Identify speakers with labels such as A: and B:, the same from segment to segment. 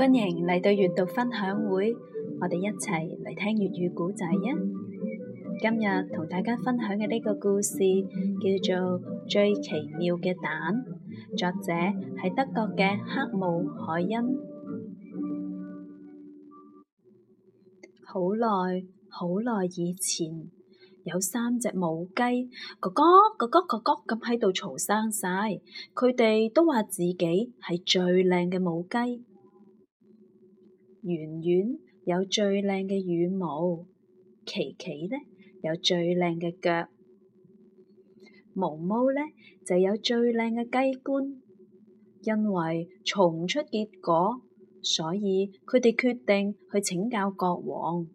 A: 歡迎嚟到閱讀分享會，我哋一齊嚟聽粵語古仔啊！今日同大家分享嘅呢個故事叫做《最奇妙嘅蛋》，作者係德國嘅黑姆海恩。好耐好耐以前，有三隻母雞，哥哥、哥哥、哥哥咁喺度嘈生晒。佢哋都話自己係最靚嘅母雞。圓圓有最靚嘅羽毛，琪琪呢，有最靚嘅腳，毛毛呢，就有最靚嘅雞冠。因為嘈唔出結果，所以佢哋決定去請教國王。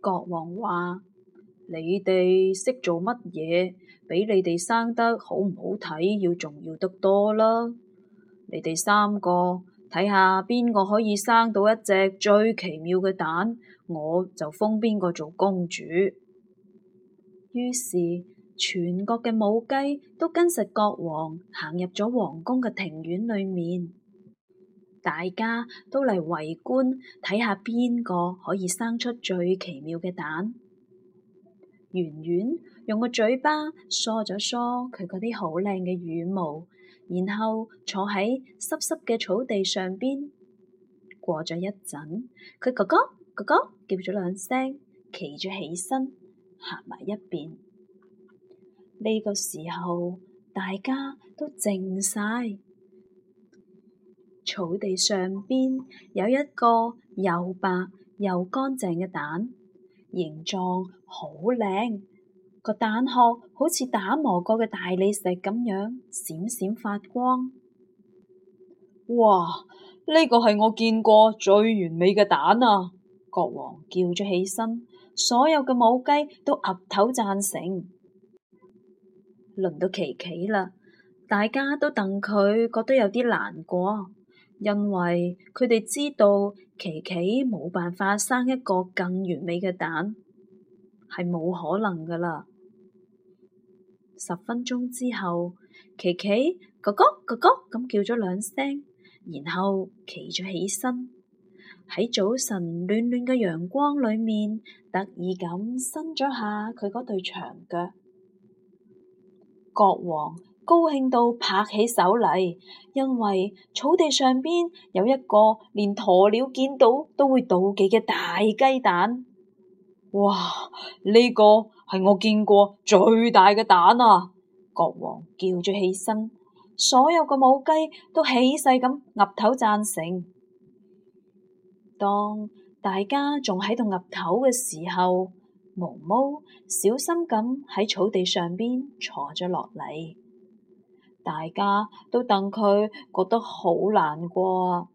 A: 國王話：你哋識做乜嘢，比你哋生得好唔好睇，要重要得多啦。你哋三個。睇下邊個可以生到一隻最奇妙嘅蛋，我就封邊個做公主。於是全國嘅母雞都跟實國王行入咗皇宮嘅庭院裏面，大家都嚟圍觀，睇下邊個可以生出最奇妙嘅蛋。圓圓用個嘴巴梳咗梳佢嗰啲好靚嘅羽毛。然後坐喺濕濕嘅草地上邊，過咗一陣，佢咯咯咯咯叫咗兩聲，企咗起身，行埋一邊。呢個時候，大家都靜晒，草地上邊有一個又白又乾淨嘅蛋，形狀好靚。個蛋殼好似打磨過嘅大理石咁樣閃閃發光。哇！呢個係我見過最完美嘅蛋啊！國王叫咗起身，所有嘅母雞都岌頭贊成。輪到琪琪啦，大家都等佢，覺得有啲難過，因為佢哋知道琪琪冇辦法生一個更完美嘅蛋。係冇可能噶啦！十分鐘之後，琪琪哥哥哥哥咁叫咗兩聲，然後企咗起身喺早晨暖暖嘅陽光裏面，特意咁伸咗下佢嗰對長腳。國王高興到拍起手嚟，因為草地上邊有一個連鴕鳥見到都會妒忌嘅大雞蛋。哇！呢、這個係我見過最大嘅蛋啊！國王叫住起身，所有嘅母雞都起勢咁岌頭贊成。當大家仲喺度岌頭嘅時候，毛毛小心咁喺草地上邊坐咗落嚟，大家都戥佢覺得好難過。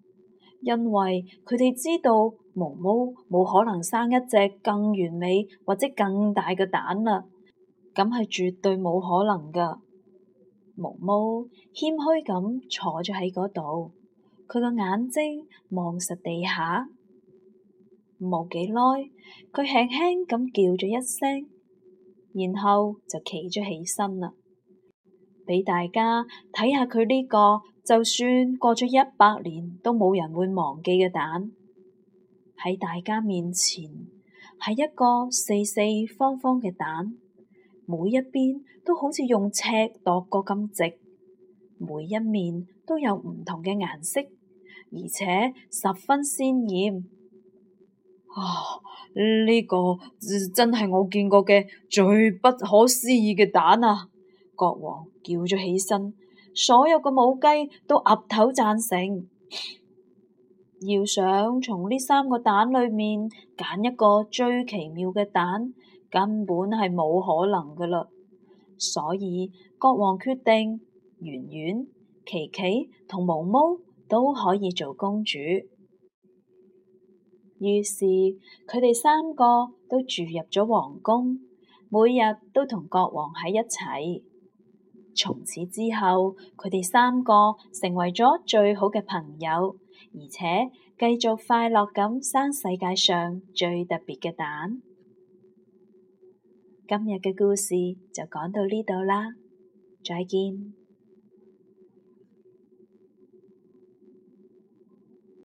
A: 因為佢哋知道毛毛冇可能生一隻更完美或者更大嘅蛋啦，咁係絕對冇可能噶。毛毛謙虛咁坐咗喺嗰度，佢個眼睛望實地下，冇幾耐，佢輕輕咁叫咗一聲，然後就企咗起身啦，俾大家睇下佢呢個。就算過咗一百年，都冇人會忘記嘅蛋，喺大家面前係一個四四方方嘅蛋，每一邊都好似用尺度度過咁直，每一面都有唔同嘅顏色，而且十分鮮艷。啊！呢個真係我見過嘅最不可思議嘅蛋啊！國王叫咗起身。所有嘅母雞都岌頭贊成，要想從呢三個蛋裏面揀一個最奇妙嘅蛋，根本係冇可能㗎喇。所以國王決定，圓圓、琪琪同毛毛都可以做公主。於是佢哋三個都住入咗皇宮，每日都同國王喺一齊。從此之後，佢哋三個成為咗最好嘅朋友，而且繼續快樂咁生世界上最特別嘅蛋。今日嘅故事就講到呢度啦，再見。